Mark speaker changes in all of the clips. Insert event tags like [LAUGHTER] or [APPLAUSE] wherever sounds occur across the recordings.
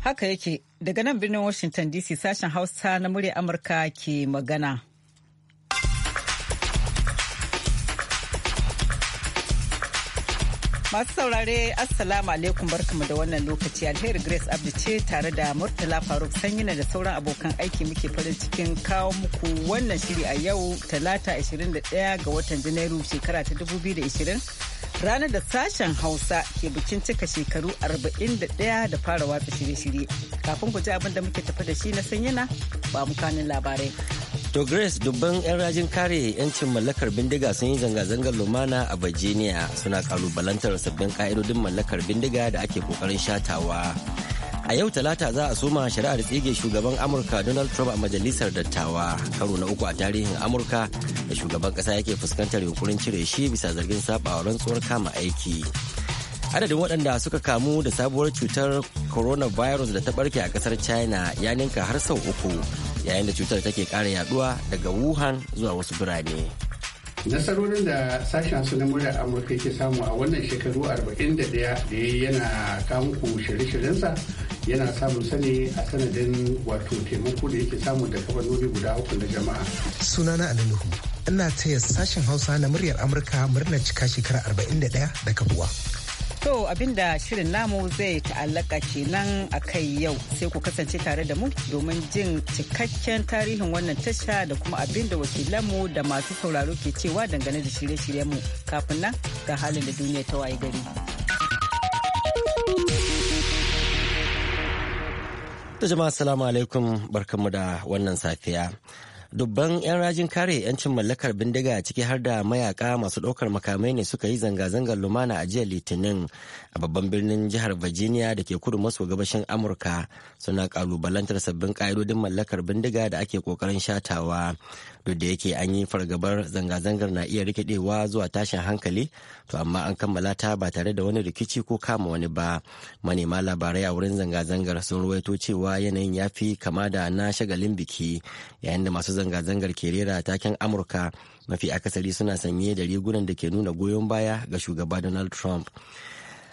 Speaker 1: Haka yake daga nan birnin Washington DC sashen Hausa na murya Amurka ke magana Masu saurare Assalamu alaikum barkamu da wannan lokaci alheri Grace Abdi ce tare da Murtala Faruk Sanyina da sauran abokan aiki muke farin cikin kawo muku wannan shiri a yau talata 21 ga watan Janairu shekara ta 2020 ranar da sashen Hausa ke bikin cika shekaru 41 da fara watsa shirye-shirye. Kafin ku ji abin da muke tafi da shi na Sanyina ba mu kanin labarai.
Speaker 2: To Grace dubban 'yan rajin kare 'yancin mallakar bindiga sun yi zanga-zangar lumana a Virginia suna kalubalantar sabbin ka'idodin mallakar bindiga da ake kokarin shatawa. A yau talata za a soma shari'ar tsige shugaban Amurka Donald Trump a majalisar dattawa karo na uku a tarihin Amurka da shugaban kasa yake fuskantar yunkurin cire shi bisa zargin sabawa rantsuwar kama aiki. adadin waɗanda suka kamu da sabuwar cutar coronavirus da ta ɓarke a ƙasar china ya ninka har sau uku yayin da cutar take kara yaduwa daga wuhan zuwa wasu birane
Speaker 3: nasarorin da sashen hasu na muryar amurka yake samu a wannan shekaru 41 da ya yana kanku shirye-shiryensa yana samun sani a sanadin wato taimako da yake samu da kafanoni guda uku na jama'a sunana alinuhu ina taya sashen hausa na muryar amurka murnar cika shekara 41 da kafuwa
Speaker 1: To abinda shirin namu zai ta'allaka kenan a kai yau sai ku kasance tare da mu domin jin cikakken tarihin wannan tasha da kuma abinda wakilanmu da masu sauraro ke cewa dangane da shirye-shiryenmu kafin nan ga halin da duniya ta waye gari.
Speaker 2: Da jama'a salamu alaikum barkanmu da wannan safiya. dubban 'yan rajin kare 'yancin mallakar bindiga ciki har da mayaka masu ɗaukar makamai ne suka yi zanga-zangar lumana a jiya litinin a babban birnin jihar virginia da ke kudu maso gabashin amurka suna kalubalantar sabbin ƙa'idodin mallakar bindiga da ake ƙoƙarin shatawa duk da yake an yi fargabar zanga-zangar na iya rikidewa zuwa tashin hankali to amma an kammala ta ba tare da wani rikici ko kama wani ba manema labarai a wurin zanga-zangar sun ruwaito cewa yanayin ya fi kama da na shagalin biki yayin da masu zanga-zangar ke rera taken amurka mafi akasari suna sanye da rigunan da ke nuna goyon baya ga shugaba donald trump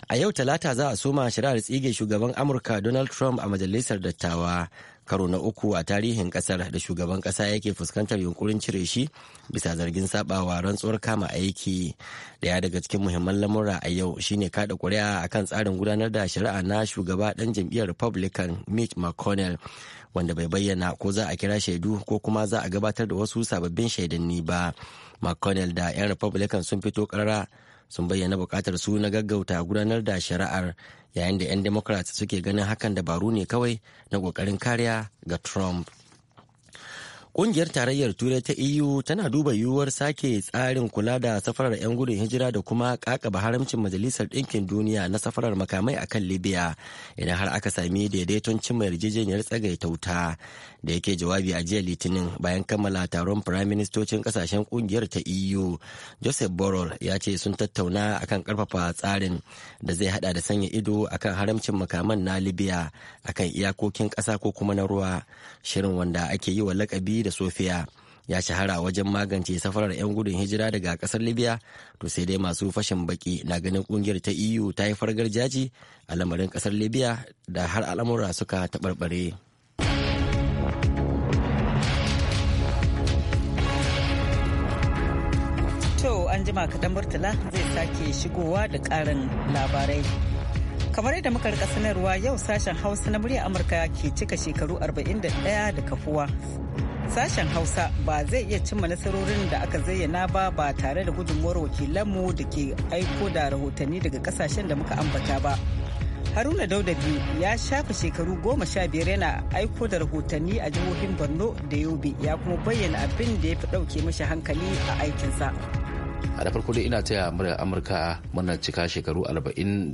Speaker 2: a yau talata za a soma shari'ar tsige shugaban amurka donald trump a majalisar dattawa karo na uku a tarihin kasar da shugaban kasa yake fuskantar yunkurin cire shi bisa zargin sabawa rantsuwar kama aiki daya daga cikin muhimman lamura a yau shine kada kuri'a akan tsarin gudanar da shari'a na shugaba dan jam'iyyar republican mitch mcconnell wanda bai bayyana ko za a kira shaidu ko kuma za a gabatar da wasu sababbin shaidanni ba mcconnell da 'yan republican sun fito karara sun bayyana bukatar su na gaggauta gudanar da shari'ar yayin da 'yan democrats suke ganin hakan dabaru ne kawai na kokarin kariya ga trump Ƙungiyar Tarayyar Turai ta EU tana duba yiwuwar sake tsarin kula da safarar 'yan gudun hijira da kuma kakaba haramcin Majalisar Ɗinkin Duniya na safarar makamai a kan Libya idan har aka sami daidaiton cimma yarjejeniyar ta wuta da yake jawabi a jiya Litinin bayan kammala taron firaministocin ƙasashen ƙungiyar ta EU. Joseph Borrell ya ce sun tattauna akan karfafa tsarin da zai hada da sanya ido akan haramcin makaman na Libya akan iyakokin ƙasa ko kuma na ruwa shirin wanda ake yi wa lakabi da sofiya ya shahara wajen magance safarar 'yan gudun hijira daga kasar libya to sai dai masu fashin baki na ganin kungiyar ta eu ta yi fargar jaji a lamarin kasar libya da har al'amura suka taɓarɓare
Speaker 1: to an jima kaɗan murtala zai sake shigowa da ƙarin labarai kamar yadda muka rika sanarwa yau sashen hausa na murya amurka ke cika shekaru 41 da kafuwa sashen hausa ba zai iya cimma nasarorin da aka zayyana ba ba tare da gudunmuwar wakilanmu da ke aiko da rahotanni daga kasashen da muka ambata ba haruna dauda ya shafa shekaru goma sha biyar yana aiko da rahotanni a jihohin borno da yobe ya kuma bayyana abin da ya fi ɗauke mashi hankali a aikinsa
Speaker 4: a da farko dai ina taya murya amurka muna cika shekaru 41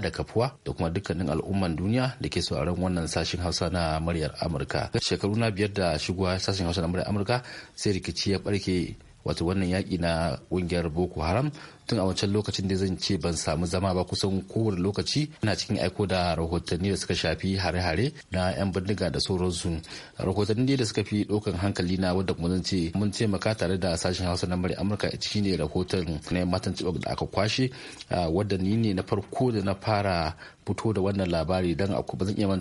Speaker 4: da kafuwa da kuma dukkanin al'umman duniya da ke sauraron wannan sashen hausa na muryar amurka shekaru na biyar da shigowa sashen hausa na muryar amurka sai rikici ya barke wato wannan yaƙi na ƙungiyar boko haram tun a wancan lokacin da zan ce ban samu zama ba kusan kowane lokaci ina cikin aiko da rahotanni da suka shafi hare-hare na 'yan bindiga da sauransu rahotanni da suka fi ɗaukan hankali na wadda kuma ce mun taimaka tare da sashen hausa na mara amurka ciki ne rahoton na matan cibok da aka kwashe wadda ni ne na farko da na fara fito da wannan labari don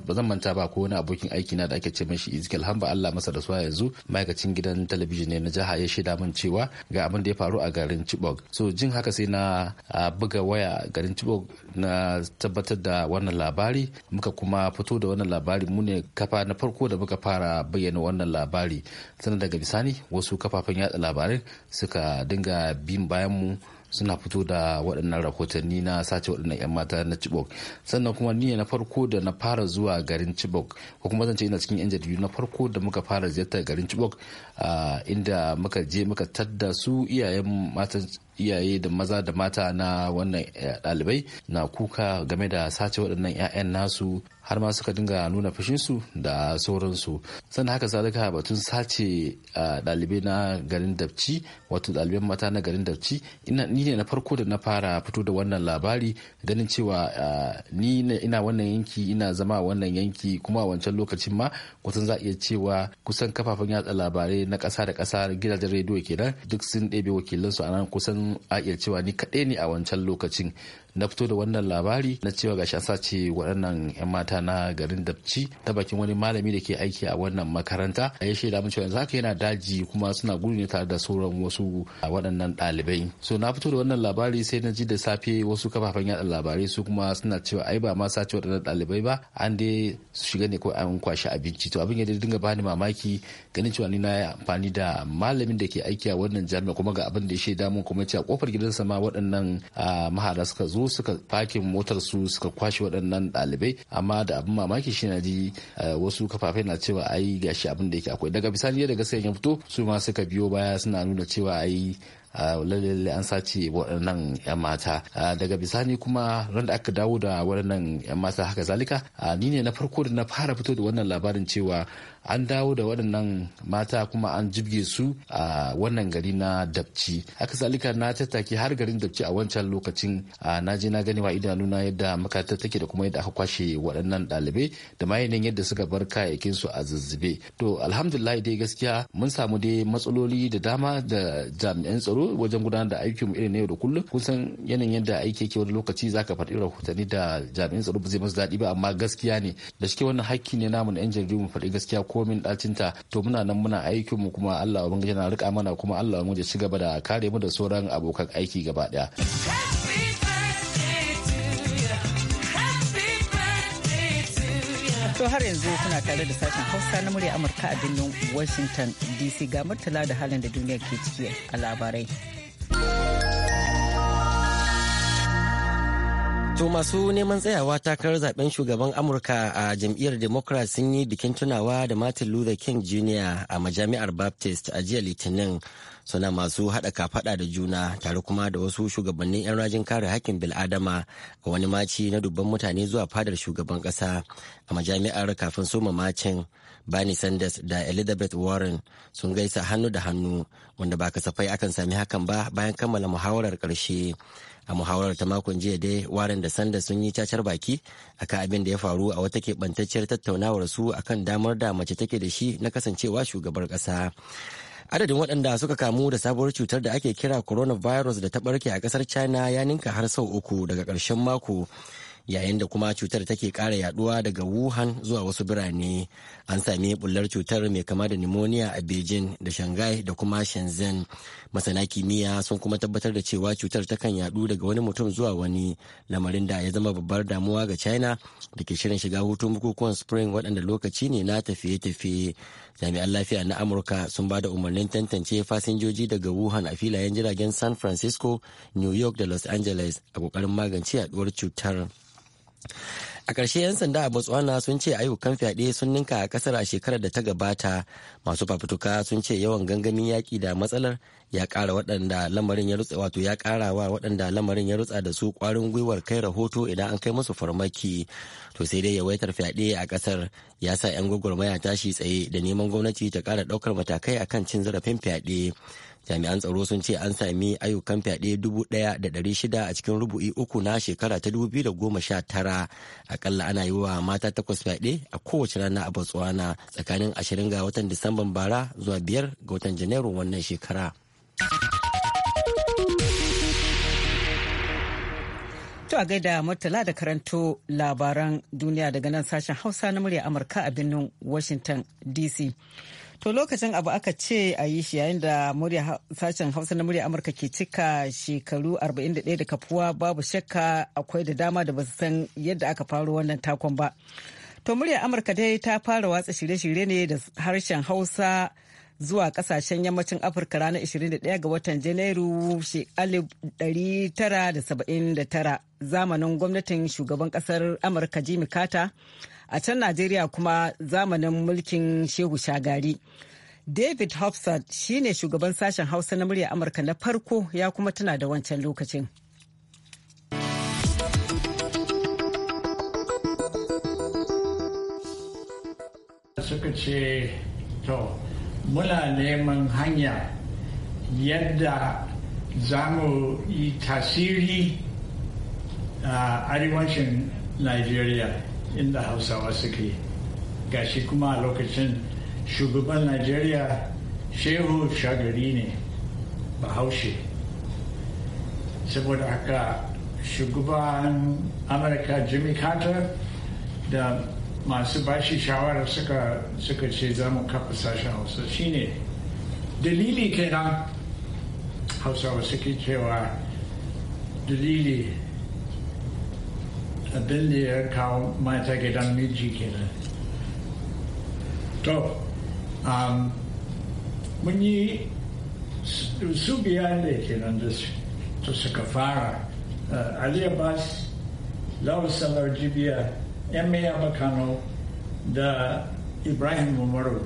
Speaker 4: ba zan manta ba ko wani abokin aiki na da ake ce mashi izikil hamba allah masa da suwa yanzu ma'aikacin gidan talabijin ne na jiha ya shaida min cewa cewa ga abin da ya faru a garin chibok so jin haka sai na buga waya garin chibok na tabbatar da wannan labari muka kuma fito da wannan labari mu ne kafa na farko da muka fara bayyana wannan labari sannan daga bisani wasu kafafen yada labarai suka dinga bin bayan mu suna fito da waɗannan rahotanni na sace waɗannan 'yan mata na Chibok sannan kuma ni na farko da na fara zuwa garin Chibok ko kuma zan ce ina cikin 'yan jaridu na farko da muka fara ziyartar garin Chibok inda muka je muka tadda su iyayen matan iyaye da maza da mata na wannan dalibai eh, na kuka game da sace waɗannan 'ya'yan nasu har ma suka dinga nuna fushinsu da sauransu sannan haka sadaka batun sace dalibai eh, na garin dabci wato ɗaliban mata na garin dabci ina ni ne na farko da na fara fito da wannan labari ganin cewa eh, ni ina wannan yanki ina zama wannan yanki kuma a wancan lokacin ma kusan za ya iya cewa kusan kafafen yatsa labarai na ƙasa da ƙasa gidajen rediyo kenan duk sun ɗebe wakilansu a nan kusan a iya cewa ni kaɗai ne a wancan lokacin na fito da wannan labari na cewa ga an sace waɗannan 'yan mata na garin dabci ta bakin wani malami da ke aiki a wannan makaranta a ya shaida min cewa yanzu haka yana daji kuma suna gudu ne tare da sauran wasu waɗannan ɗalibai so na fito da wannan labari sai na ji da safe wasu kafafen yaɗa labarai su kuma suna cewa ai ba ma sace waɗannan ɗalibai ba an dai su shiga ne ko an kwashi abinci to abin ya dinga bani mamaki ganin cewa ni na yi amfani da malamin da ke aiki a wannan jami'a kuma ga abin da ya shaida mun kuma cewa kofar gidansa ma waɗannan mahara suka zo suka fakin motar su suka kwashe waɗannan ɗalibai amma da abin mamaki shi na ji eh, wasu kafafe na cewa ai gashi abin da yake akwai daga bisani daga sai ya fito su ma suka biyo baya suna nuna cewa ai Ah, lalle an sace waɗannan 'yan mata ah, daga bisani kuma ran da aka dawo da waɗannan 'yan mata haka zalika ah, ni ne na farko da na fara fito da wannan labarin cewa an dawo da waɗannan mata kuma an jibge su a wannan gari na dabci haka zalika na tattaki har garin dabci a wancan lokacin na je na gani wa idanuna yadda makarantar take da kuma yadda aka kwashe waɗannan ɗalibai da ma yanayin yadda suka bar kayayyakin su a zazzabe to alhamdulillah dai gaskiya mun samu dai matsaloli da dama da jami'an tsaro tsaro wajen gudanar da aikin mu irin na yau da kullum kun san yanayin yadda aiki yake wani lokaci zaka faɗi rahotanni da jami'an tsaro ba zai masu daɗi ba amma gaskiya ne da shi wannan hakki ne namu na yan jaridu mu faɗi gaskiya komin ta to muna nan muna aikin mu kuma Allah bangaje na rika mana kuma Allah ubangiji ci gaba da kare mu da sauran abokan aiki gaba ɗaya.
Speaker 5: To har yanzu kuna
Speaker 1: tare da sashen Hausa na murya Amurka a birnin Washington DC ga murtala da halin da duniya ke ciki a labarai.
Speaker 2: To masu neman tsayawa takarar zaben shugaban Amurka a jam'iyyar Democrat sun yi bikin tunawa da Martin Luther King Jr. a majami'ar Baptist a jiya Litinin. suna masu haɗa kafaɗa da juna tare kuma da wasu shugabannin 'yan rajin kare hakkin bil'adama a wani maci na dubban mutane zuwa fadar shugaban ƙasa a majami'ar kafin soma macin Bernie Sanders da Elizabeth Warren sun gaisa hannu da hannu wanda ba kasafai akan sami hakan ba bayan kammala muhawarar karshe A muhawarar ta makon jiya dai Warren da Sanders sun yi cacar baki akan abin da ya faru a wata keɓantacciyar tattaunawar su akan damar da mace take da shi na kasancewa shugabar ƙasa. Adadin waɗanda suka kamu da sabuwar cutar da ake kira coronavirus da ta ɓarke a ƙasar China ya ninka har sau uku daga ƙarshen mako. yayin da kuma cutar take ƙara yaduwa daga Wuhan zuwa wasu birane. An sami bullar cutar mai kama da pneumonia a Beijing da Shanghai da kuma Shenzhen. Masana kimiyya sun kuma tabbatar da cewa cutar takan yadu daga wani mutum zuwa wani lamarin da ya zama babbar damuwa ga China da ke shirin shiga hutun bukukuwan spring waɗanda lokaci ne na tafiye-tafiye. jami'an lafiya na amurka sun ba da umarnin tantance fasinjoji daga wuhan a filayen jiragen san francisco new york da los angeles a kokarin magance yaduwar cutar a ƙarshe 'yan sanda a botswana sun ce ayyukan fyaɗe sun ninka a ƙasar a shekarar da ta gabata masu fafutuka sun ce yawan gangamin yaƙi da matsalar ya ƙara waɗanda lamarin ya rutsa wato ya ƙara wa waɗanda lamarin ya rutsa da su ƙwarin gwiwar kai rahoto idan an kai musu farmaki to sai dai yawaitar fyaɗe a ƙasar ya sa 'yan gwagwarmaya tashi tsaye da neman gwamnati ta ƙara ɗaukar matakai akan cin zarafin fyaɗe jami'an tsaro sun ce an sami ayyukan fyaɗe 1,600 a cikin rubu'i uku na shekara ta 2019 akalla ana yi wa mata takwas fyaɗe a kowace rana a botswana tsakanin 20 ga watan disamban bara zuwa 5 ga watan janairu wannan shekara
Speaker 1: To a gaida Murtala da karanto labaran duniya daga nan sashen Hausa na murya Amurka a birnin Washington DC. To lokacin abu aka ce a yi shi yayin da sashen Hausa na murya Amurka ke cika shekaru 41 da kafuwa babu shakka akwai da dama da basu san yadda aka faro wannan takon ba. To murya Amurka dai ta fara watsa shirye-shirye ne da harshen Hausa zuwa kasashen yammacin afirka ranar 21 ga watan janairu 1979 zamanin gwamnatin shugaban kasar amurka jimmy carter a can najeriya kuma zamanin mulkin shehu shagari david hobson shine shugaban sashen hausa na murya amurka na farko ya kuma tana da wancan lokacin
Speaker 6: suka ce muna neman hanya yadda za mu yi tasiri a arewacin nigeria inda hausawa suke gashi kuma a lokacin shugaban nigeria shehu shagari ne bahaushe saboda haka shugaban amurka jimmy carter da masu bashi shawara suka suka ce za mu kafa sashen hausa shine dalili kenan hausawa suke cewa dalili abin da ya kawo mata gidan miji kenan to um, mun yi su biya ne kenan da suka fara uh, ali bas lawal salar 'yan da ibrahim umaru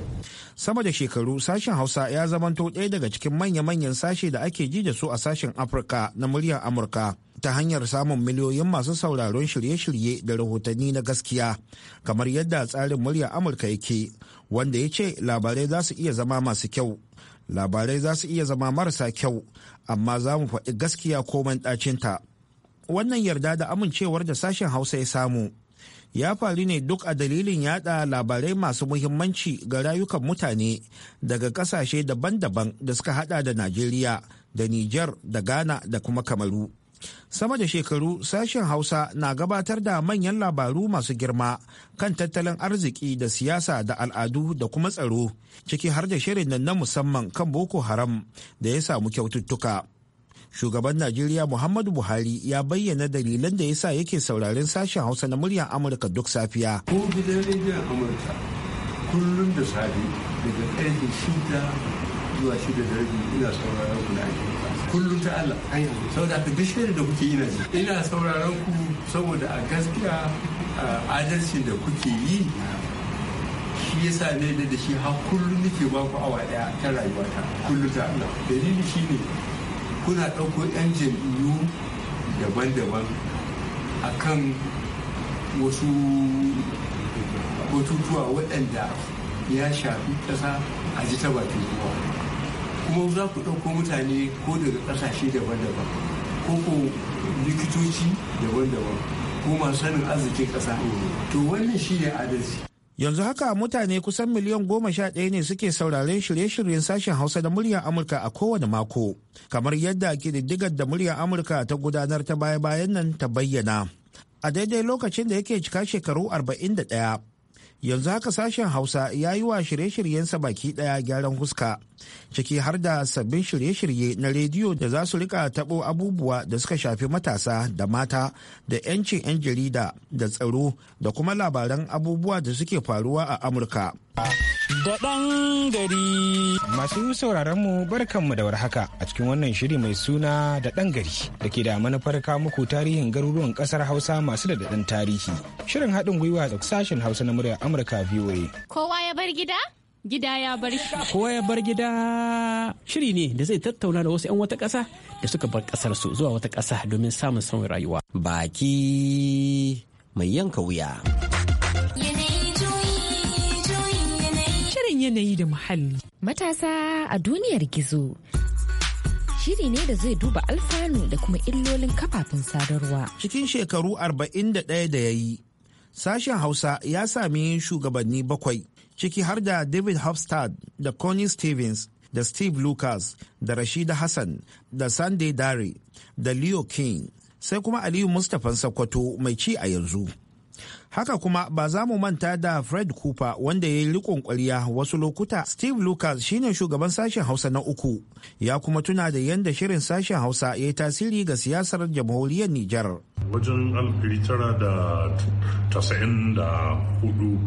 Speaker 7: sama da shekaru sashen hausa ya zamanto ɗaya daga cikin manya-manyan sashe da ake ji da su a sashen afirka na muryar amurka ta hanyar samun miliyoyin masu sauraron shirye-shirye da rahotanni na gaskiya kamar yadda tsarin muryar amurka yake wanda ya ce labarai za su iya zama masu kyau labarai za su iya zama marasa kyau amma za mu faɗi gaskiya ko ɗacinta wannan yarda da amincewar da sashen hausa ya samu ya faru ne duk a dalilin yada labarai masu muhimmanci ga rayukan mutane daga kasashe daban-daban da suka hada da Najeriya da Nijar da Ghana da kuma Kamaru. Sama da shekaru sashen Hausa na gabatar da manyan labaru masu girma kan tattalin arziki da siyasa da al'adu da kuma tsaro ciki har da shirin nan na musamman kan Boko Haram da ya samu kyaututtuka. shugaban najeriya muhammadu buhari ya bayyana dalilan da yasa yake sauraren sashen hausa na muryar amurka duk safiya ko gidan rediyon amurka
Speaker 8: kullum da safe daga ƙarfe shida
Speaker 3: zuwa shida da rabi ina sauraron ku ake kullum ta Allah saboda ka duk da kuke yi na ji ina sauraron ku saboda a gaskiya adalcin da kuke yi shi ya sa ne da shi har kullum nake ba ku awa daya ta rayuwata kullum ta Allah
Speaker 8: dalili shi ne. kuna ɗauko 'yan jam'iyyu daban-daban a kan wasu batutuwa
Speaker 3: waɗanda ya shafi ƙasa a ji ta bakin kuma kuma za ku ɗauko mutane ko daga ƙasashe daban-daban ko ko likitoci daban-daban ko masu sanin arzikin ƙasa to wannan shi ne adalci Yanzu
Speaker 7: haka mutane kusan miliyan goma sha ɗaya ne suke sauraren shirye-shiryen sashen Hausa da muryar Amurka a kowane mako, kamar yadda ƙididdigar da muryar Amurka ta gudanar ta baya-bayan nan ta bayyana. A daidai lokacin da yake cika shekaru 41 yanzu haka sashen hausa ya yi wa shirye-shiryensa baki daya gyaran huska ciki har da sabbin shirye-shirye na rediyo da za su rika tabo abubuwa da suka shafi matasa da mata da 'yancin 'yan jarida da tsaro da kuma labaran abubuwa da suke faruwa a amurka.
Speaker 3: da ɗan gari. Masu sauraron
Speaker 7: mu barkanmu da warhaka a cikin wannan shiri mai suna da ɗan gari da ke da manufar muku tarihin garuruwan ƙasar Hausa masu da daɗin tarihi. Shirin haɗin gwiwa a sashen Hausa na muryar Amurka VOA.
Speaker 1: Kowa ya bar gida? Gida ya bar shi. Kowa ya bar gida
Speaker 2: shiri ne da zai tattauna da wasu 'yan wata ƙasa da suka bar ƙasar su zuwa wata ƙasa domin samun sauyin rayuwa. Baki mai yanka wuya.
Speaker 1: kan yanayi da muhalli. Matasa a duniyar gizo. Shiri ne da zai duba alfanu da kuma illolin kafafen sadarwa. Cikin
Speaker 7: shekaru arba'in da ɗaya ya yi, sashen Hausa ya sami shugabanni bakwai, ciki har da David Hofstad da Connie Stevens da Steve Lucas da Rashida Hassan da Sunday Dare da Leo King sai kuma Aliyu Mustapha Sokoto mai ci a yanzu. Haka kuma ba za mu manta da Fred Cooper wanda ya yi rikon kwarya wasu lokuta. Steve Lucas shine shugaban sashen Hausa na uku, ya kuma tuna da yadda shirin sashen Hausa ya yi tasiri ga siyasar jamhuriyar Nijar.
Speaker 5: Wajen da da hudu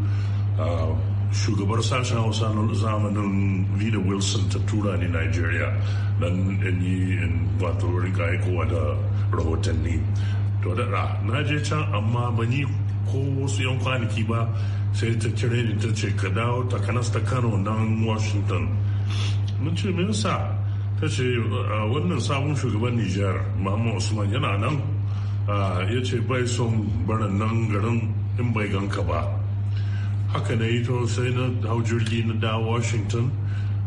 Speaker 5: shugabar sashen Hausa na zamanin Vida Wilson ta tura ni Nigeria don yi wato rika aikowa da rahotanni. To da na je can amma ban yi ko wasu 'yan kwanaki ba sai ta cire ni ta ce ka dawo ta ta kano nan washington mun ce min yasa ta ce wannan sabon shugaban nijar muhammad usman yana nan ya ce bai son barin nan garin in bai ganka ba haka na yi to sai na hau jirgi na dawo washington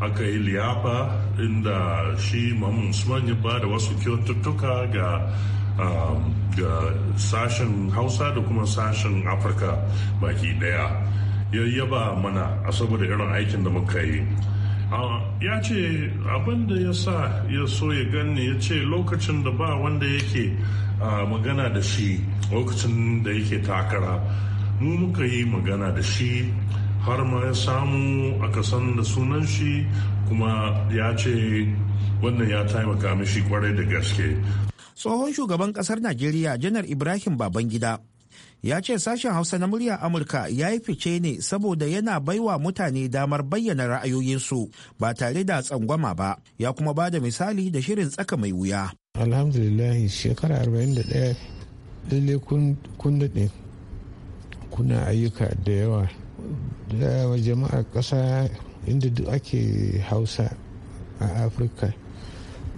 Speaker 5: aka yi liyafa inda shi muhammad usman ya ba da wasu kyaututtuka ga Um, ga sashen hausa da kuma sashen afirka baki daya ya yaba mana a saboda irin aikin da muka yi ya ce abin da ya sa ya so ya ganni ya ce lokacin da ba wanda yake magana da shi lokacin da yake takara mu muka yi magana da shi har ma ya samu aka san da sunan shi kuma ya ce wannan ya taimaka mishi kwarai da gaske
Speaker 7: tsohon shugaban kasar najeriya janar ibrahim babangida ya ce sashen hausa na murya amurka ya yi fice ne saboda yana baiwa mutane damar bayyana ra'ayoyinsu ba tare da tsangwama ba ya kuma ba da misali da shirin tsaka mai wuya
Speaker 3: alhamdulillah shekara 41 lalle kun daɗe kuna ayyuka da yawa da jama'a ƙasa inda duk ake hausa a afirka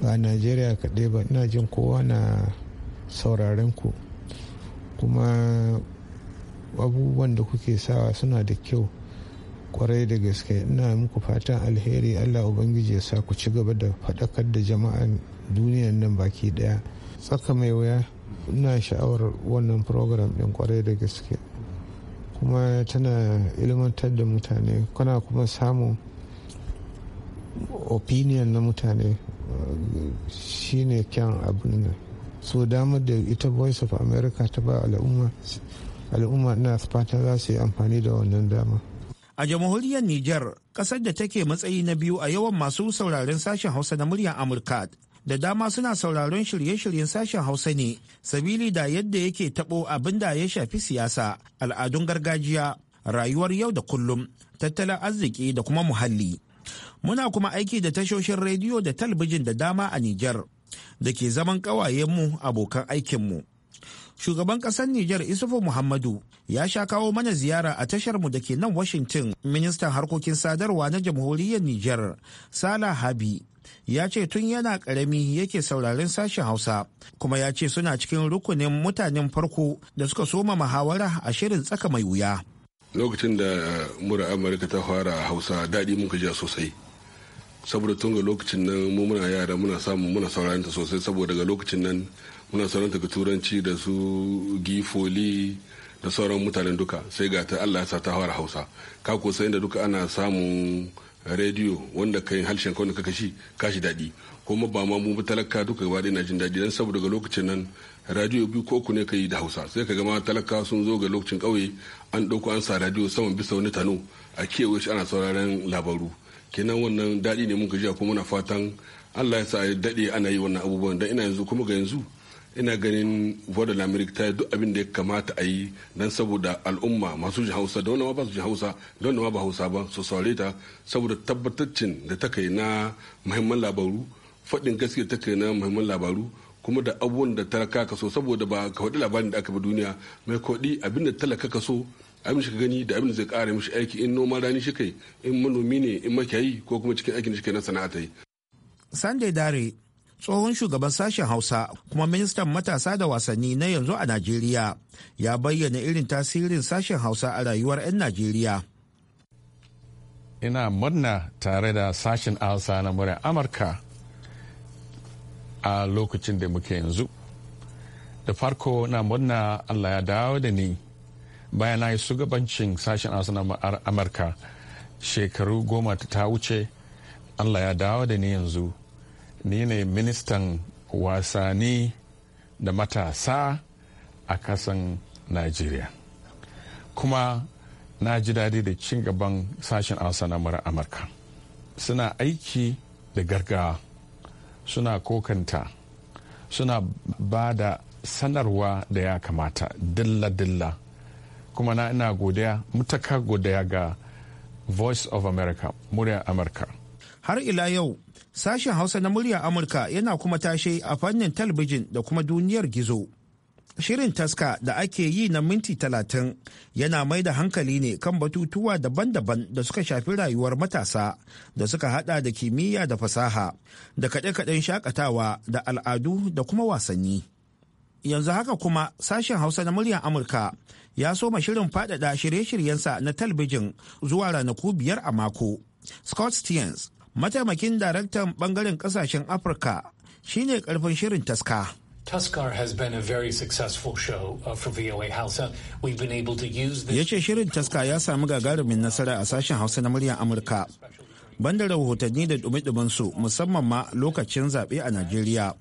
Speaker 3: ba najeriya kaɗai ba ina jin kowa na sauraren ku kuma abubuwan da kuke sawa suna da kyau kwarai da gaske ina muku fatan alheri allah ubangiji ya sa ku ci gaba da faɗakar da jama'an duniyan nan baki ɗaya tsaka mai waya ina sha'awar wannan program ɗin kwarai da gaske kuma tana ilmantar da mutane kuna kuma samun opinion na mutane ne kyan abin nan so damar da ita voice of america ta ba al'umma al'umma ina fata za su yi amfani da wannan dama
Speaker 7: a jamhuriyar niger kasar da take matsayi na biyu a yawan masu sauraron sashen hausa na muryar amurka da dama suna sauraron shirye-shiryen sashen hausa ne sabili da yadda yake tabo abin da ya shafi siyasa al'adun gargajiya rayuwar yau da kullum tattalin arziki da kuma muhalli Muna kuma aiki da tashoshin rediyo da talbijin da dama a Nijar da ke zaman ƙawayenmu abokan aikinmu. Shugaban ƙasar Nijar Isufu Muhammadu ya sha kawo mana ziyara a tasharmu da ke nan Washington ministan harkokin sadarwa na jamhuriyar Nijar, Sala Habi. ya ce tun yana karami yake sauraren sashen hausa kuma ya ce suna cikin rukunin mutanen farko da suka soma muhawara a shirin tsaka mai wuya
Speaker 8: lokacin da mura amurka ta fara hausa daɗi muka ja sosai saboda tun ga lokacin nan mu muna yara muna samu muna sauraron ta sosai saboda ga lokacin nan muna sauraron ta ga turanci da su gifoli da sauran mutanen duka sai ga ta Allah ya sa ta fara Hausa ka ko sai da duka ana samun rediyo wanda kai harshen kawai kaka shi kashi daɗi kuma ba ma mu talaka duka gaba na jin daɗi dan saboda ga lokacin nan radio biyu ko ku ne ka yi da hausa sai ka gama talaka sun zo ga lokacin ƙauye an ɗauko an sa radio saman bisa wani tano a kewaye shi ana sauraron labaru kenan wannan daɗi ne mun gajiya kuma muna fatan allah ya sa ya daɗe ana yi wannan abubuwan don ina yanzu kuma ga yanzu ina ganin voda lamirik ta duk abin da ya kamata a yi don saboda al'umma masu jin hausa da wanda ba su jin hausa da wanda ba hausa ba su saurare ta saboda tabbataccin da ta kai na muhimman labaru faɗin gaskiya ta kai na muhimman labaru kuma da abubuwan da talaka ka so saboda ba ka faɗi labarin da aka bi duniya mai kwaɗi abin da talaka ka so abin shi ka gani da abin zai kara mishi aiki in noman rani shi kai in manomi ne in makiyayi ko kuma cikin aikin shi kai na sana'a yi. Sunday
Speaker 7: Dare tsohon shugaban sashen Hausa kuma ministan matasa da wasanni na yanzu a Najeriya ya bayyana irin tasirin sashen Hausa a rayuwar 'yan Najeriya.
Speaker 8: Ina murna tare da sashen Hausa na murya Amurka a lokacin da muke yanzu. Da farko na murna Allah ya dawo da ni. bayan na yi shugabancin sashen arsenal amurka shekaru goma ta wuce allah ya dawo da ni yanzu ni ne ministan wasani da matasa a kasan najeriya kuma na ji daɗi da cin gaban sashen arsenal amurka suna aiki da gargawa suna kokanta suna ba da sanarwa da ya kamata dilla-dilla kuma na ina godiya mutaka godiya ga voice of america muryar amurka har ila yau sashen hausa na
Speaker 7: muryar amurka yana kuma tashe a fannin talabijin da kuma duniyar gizo shirin taska da ake yi na minti talatin yana mai da hankali ne kan batutuwa daban-daban da suka shafi rayuwar matasa da suka hada da kimiyya da fasaha da kaɗe-kaɗen shakatawa da al'adu da kuma wasanni. yanzu haka kuma sashen hausa na muryar amurka ya soma shirin faɗaɗa shirye-shiryensa na talbijin zuwa ranaku biyar a mako scott stearns mataimakin daraktan bangaren kasashen afirka shine karfin shirin taska
Speaker 6: Tuskar has been a very successful show uh, for VOA Hausa. We've been able to use this... Ya
Speaker 7: ce shirin taska ya samu gagarumin nasara a sashen Hausa na muryar Amurka. Banda rahotanni da dumi su musamman ma lokacin zaɓe a Najeriya.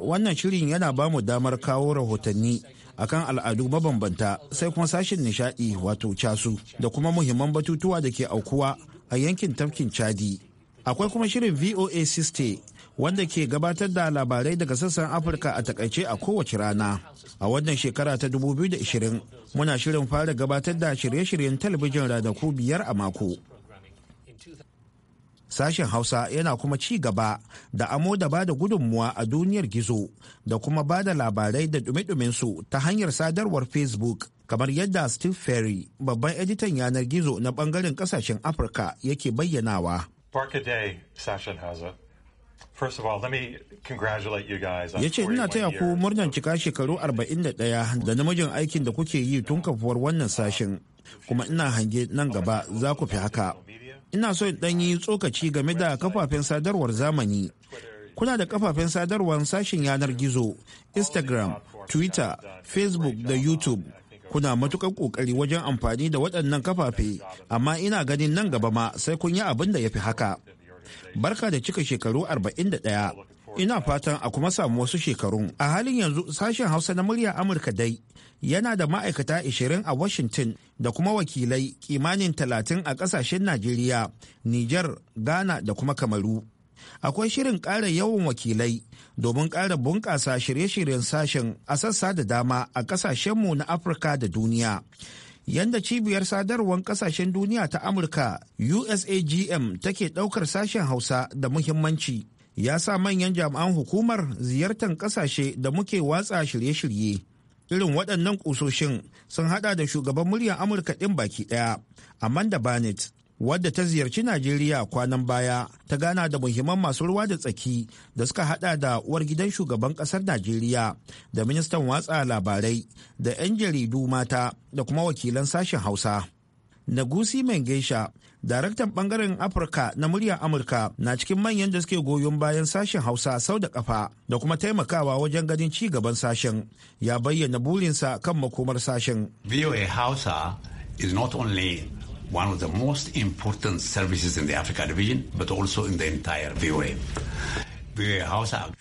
Speaker 7: wannan shirin yana ba mu damar kawo rahotanni akan al'adu mabambanta sai kuma sashen nishadi wato casu da kuma muhimman batutuwa da ke aukuwa a yankin tafkin chadi akwai kuma shirin voa siste wanda ke gabatar da labarai daga sassan afirka a takaice a kowace rana a wannan shekara ta 2020 muna shirin fara gabatar da shirye-shiryen talabijin ranaku biyar a mako Sashen Hausa yana kuma ci gaba da amo da bada gudunmuwa a duniyar gizo da kuma bada labarai da dumi su ta hanyar sadarwar Facebook kamar yadda Steve Ferry babban editan yanar gizo na bangaren kasashen Afirka yake bayyanawa.
Speaker 5: ya ce ina taya ku
Speaker 7: murnar cika shekaru 41 da namijin aikin da kuke yi tun kafuwar wannan sashen kuma ina hange nan gaba za ku fi haka ina so in yi tsokaci game da kafafen sadarwar zamani kuna da kafafen sadarwar sashen yanar gizo instagram twitter facebook da youtube kuna matukar kokari wajen amfani da waɗannan kafafe amma ina ganin nan gaba ma sai kun yi abin da ya fi haka barka da cika shekaru 41 ina fatan a kuma samu wasu shekarun a halin yanzu sashen hausa na murya amurka dai yana da ma'aikata 20 a Washington da kuma wakilai kimanin 30 a ƙasashen Najeriya, Nijar, Ghana da kuma Kamaru. Akwai shirin ƙara yawan wakilai domin ƙara bunƙasa shirye-shiryen sashen a sassa da dama a ƙasashenmu na Afirka da duniya. Yanda cibiyar sadarwar ƙasashen duniya ta Amurka USAGM take ɗaukar sashen Hausa da muhimmanci. ya sa manyan jami'an hukumar ziyartar ƙasashe da muke watsa shirye-shirye irin waɗannan ƙusoshin sun haɗa da shugaban muryar amurka ɗin baki ɗaya amanda barnett wadda ta ziyarci najeriya kwanan baya ta gana da muhimman masu ruwa da tsaki da suka haɗa da uwar gidan shugaban ƙasar najeriya da ministan watsa labarai da 'yan jaridu mata da kuma wakilan sashen hausa nagusi mengesha daraktan bangaren afirka na muryar amurka na cikin manyan da suke goyon bayan sashen hausa sau da kafa da kuma taimakawa wajen ganin ci gaban sashen ya bayyana burinsa kan makomar sashen
Speaker 3: voa hausa is not only one of the most important services in the africa division but also in the entire voa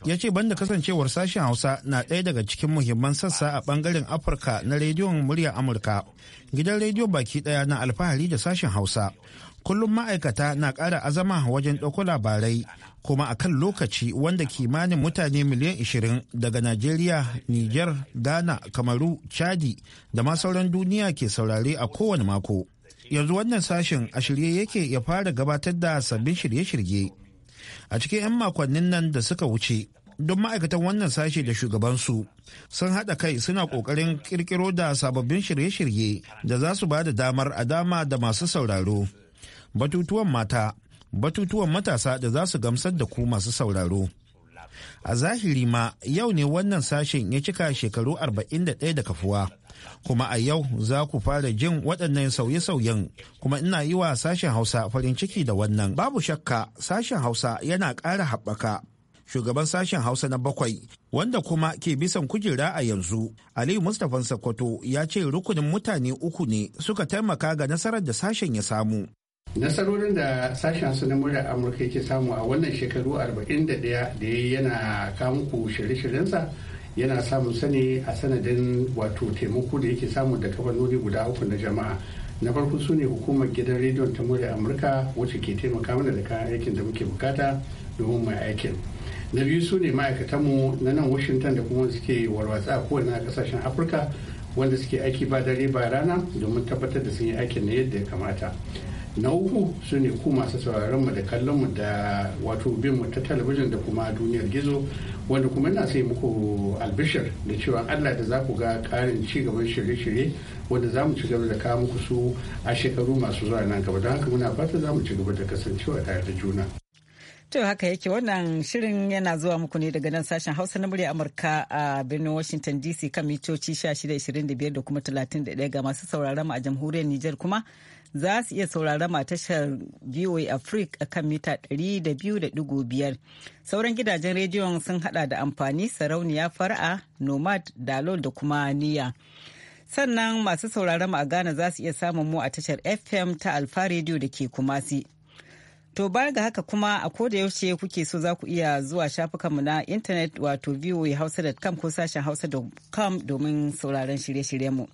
Speaker 7: ya ce banda kasancewar sashen hausa na ɗaya daga cikin muhimman sassa a bangaren afirka na rediyon Murya amurka gidan rediyo baki ɗaya na alfahari da sashen hausa kullum ma'aikata na ƙara azama wajen ɗauko labarai kuma a kan lokaci wanda kimanin mutane miliyan 20 daga najeriya Nijar ghana kamaru chadi da ma sauran duniya ke saurare a kowane mako yanzu wannan sashen a shirye yake ya fara gabatar da sabbin shirye-shirye a cikin 'yan makonnin nan da suka wuce don ma'aikatan wannan sashe da shugabansu sun haɗa kai suna ƙoƙarin ƙirƙiro da sababbin shirye-shirye da za su ba da damar a dama da masu sauraro batutuwan mata batutuwan matasa da za su gamsar da ku masu sauraro a zahiri ma yau ne wannan sashen ya cika shekaru 41 da kafuwa kuma a yau za ku fara jin waɗannan sauye-sauyen kuma ina yi wa sashen hausa farin ciki da wannan babu shakka sashen hausa yana ƙara haɓaka shugaban sashen hausa na bakwai wanda kuma ke bisan kujera a yanzu aliyu mustapha sakkwato ya ce rukunin mutane uku ne suka taimaka ga nasarar da sashen ya samu
Speaker 3: nasarorin da sashen hasu na murya amurka yake samu a wannan shekaru 41 da ya yana kamuku shirye-shiryensa yana samun sani a sanadin wato taimako da yake samu da kafanoni guda uku na jama'a na farko su ne hukumar gidan rediyon ta murya amurka wacce ke taimaka mana da kayan aikin da muke bukata domin mai aikin na biyu su ne ma'aikatanmu na nan washington da kuma suke warwatsa a kowane kasashen afirka wanda suke aiki ba dare ba rana domin tabbatar da sun yi aikin na yadda ya kamata na uku su ne ku masu sauraron mu da kallon mu da wato bin mu ta talabijin da kuma duniyar gizo wanda kuma ina sai muku albishir da cewa allah da za ku ga karin ci gaban shirye-shirye wanda za mu ci gaba da kawo muku su a shekaru masu zuwa nan gaba don haka muna fata za mu ci gaba da kasancewa tare da juna
Speaker 1: To haka yake wannan shirin yana zuwa muku ne daga nan sashen Hausa na murya Amurka a birnin Washington DC kan mitoci 1625 da kuma 31 ga masu sauraron mu a jamhuriyar Nijar kuma za su iya ma tashar VOA Africa a kan mita 200.5. Sauran gidajen rediyon sun hada da amfani sarauniya fara'a, nomad, dalol da kuma niyya. Sannan masu sauraron a Ghana za su iya samun mu a tashar FM ta Alfa Radio da ke Kumasi. To baya ga haka kuma a koda yaushe kuke so za ku iya zuwa shafukanmu na intanet wato voahausa.com ko sashen hausa.com domin sauraron shirye-shiryenmu. mu.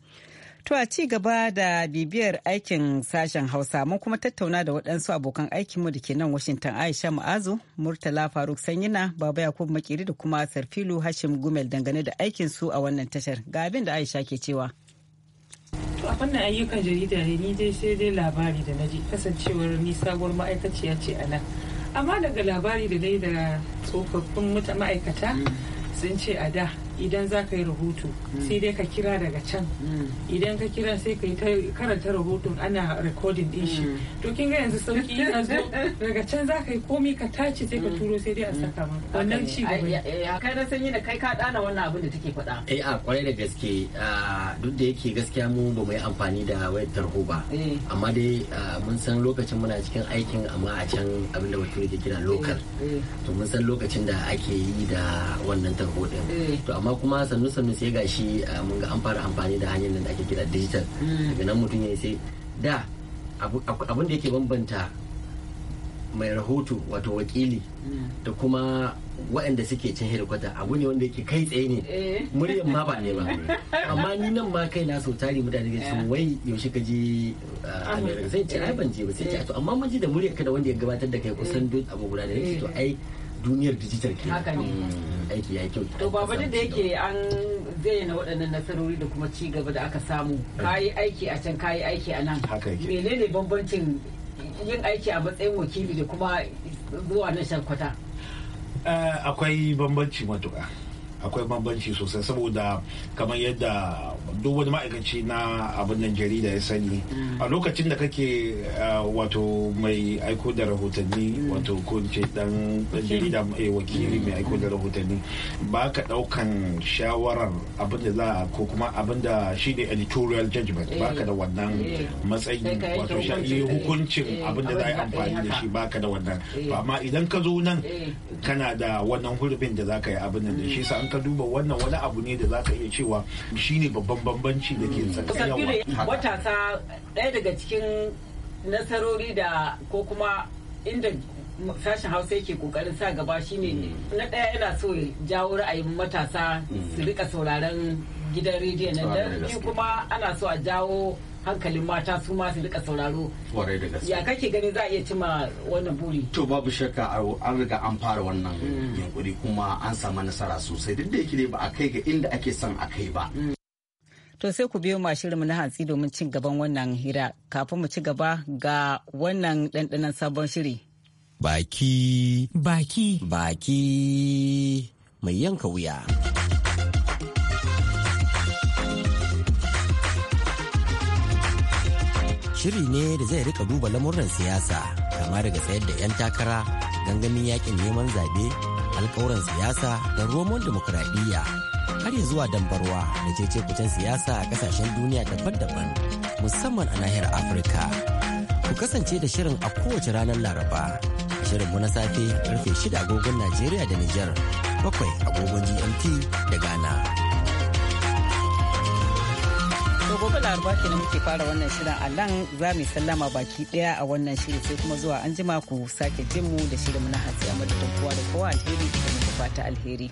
Speaker 1: To a ci gaba da bibiyar aikin sashen Hausa mun kuma tattauna da waɗansu abokan aikinmu da ke nan Washington Aisha Ma'azu, Murtala Faruk Sanyina, Baba Yakubu Makiri da kuma Sarfilu Hashim Gumel dangane da aikin su a wannan tashar. Ga abin da Aisha ke cewa. To a fannin ayyukan jarida ne ni dai sai dai labari da na kasancewar ni sabuwar ma'aikaciya ce a nan. Amma daga labari da dai da tsofaffin ma'aikata mm. sun ce a da idan za ka yi rahoto sai dai ka kira daga
Speaker 5: can idan ka kira sai ka yi karanta rahoton ana recording din shi to kin ga yanzu sauki yana zo daga can za ka yi komi ka tace sai ka turo sai dai a saka maka wannan ci gaba
Speaker 1: kai na sanyi da kai ka dana wannan abin da take faɗa eh a kwarai da gaske
Speaker 2: duk da yake gaskiya mu ba mu yi amfani da wayar tarho ba eh. amma dai mun san lokacin muna cikin aikin amma a can abin da bature ke kira local eh, eh. to mun san lokacin da ake yi da wannan tarho din to amma kuma sannu sannu sai ga shi ah, mun ga an fara amfani da hanyar nan da ake kira digital hmm. daga nan mutum ya sai da abin da yake bambanta mai rahoto wato wakili
Speaker 4: hmm.
Speaker 2: da kuma waɗanda suke can hedikwata abu ne wanda yake kai tsaye ne eh. [LAUGHS] muryan ma ba ne ba amma ni nan ma kai na sau tari mutane ga cin eh. wai yaushe ka je ah, america sai ce ai ban je ba sai ce eh. to amma mun ji da muryar ka da wanda ya gabatar da kai kusan duk abu guda da yake to ai duniyar digital ke mm, aiki ya kyau
Speaker 1: to ba da yake an zayyana waɗannan nasarori da kuma ci gaba da aka samu kayi aiki a can kayi aiki a nan menene bambancin yin aiki a matsayin wakili da kuma zuwa na shankwata eh,
Speaker 7: akwai bambanci matuƙa akwai bambanci sosai saboda kamar yadda duk wani ma'aikaci na abin nan jarida ya sani mm. a lokacin da kake ah, wato mai aiko da rahotanni mm. wato ko ce dan jarida mai eh, wakili mai aiko da mm. rahotanni ba ka daukan shawarar abin da za a ko kuma abin da shi ne editorial judgment ba ka da eh. wannan eh. matsayi wato shi hukuncin abin da za a yi amfani da shi ba ka da wannan ba amma idan ka zo nan kana da wannan hurbin da za ka yi abin da shi sa an ka duba wannan wani abu ne da za ka iya cewa shi ne babban bambanci da ke
Speaker 1: matasa ɗaya daga cikin nasarori da ko kuma inda sashen hausa yake kokarin sa gaba shine mm. na ɗaya yana so jawo ra'ayin matasa su mm. rika sauraron gidan rediyo nan da kuma ana so a jawo hankalin mata su ma su rika sauraro ya kake gani za a iya cima
Speaker 4: wannan buri to babu shakka an riga an fara wannan mm. yunkuri kuma an samu nasara sosai duk da yake ba a kai ga inda ake son a kai ba
Speaker 1: To sai ku biyo shirinmu na hantsi domin cin gaban wannan hira kafin mu ci gaba ga wannan ɗanɗanon sabon shiri. Baki. Baki. Baki.
Speaker 2: Mai yanka wuya. Shiri ne da zai rika duba lamuran siyasa kama daga tsayar da 'yan takara gangamin yakin neman zaɓe alkawuran siyasa da romon demokuraɗiyya har zuwa dambarwa da cece kucen siyasa a kasashen duniya daban-daban musamman a nahiyar afirka ku kasance da shirin a kowace ranar laraba shirin mu na safe karfe shida agogon najeriya da niger bakwai agogon gmt da ghana
Speaker 1: gobe laraba kenan muke fara wannan shirin a nan za mu sallama baki daya a wannan shirin sai kuma zuwa an jima ku sake jin mu da shirin mu na hatsi a madadin kowa da kowa alheri da fata alheri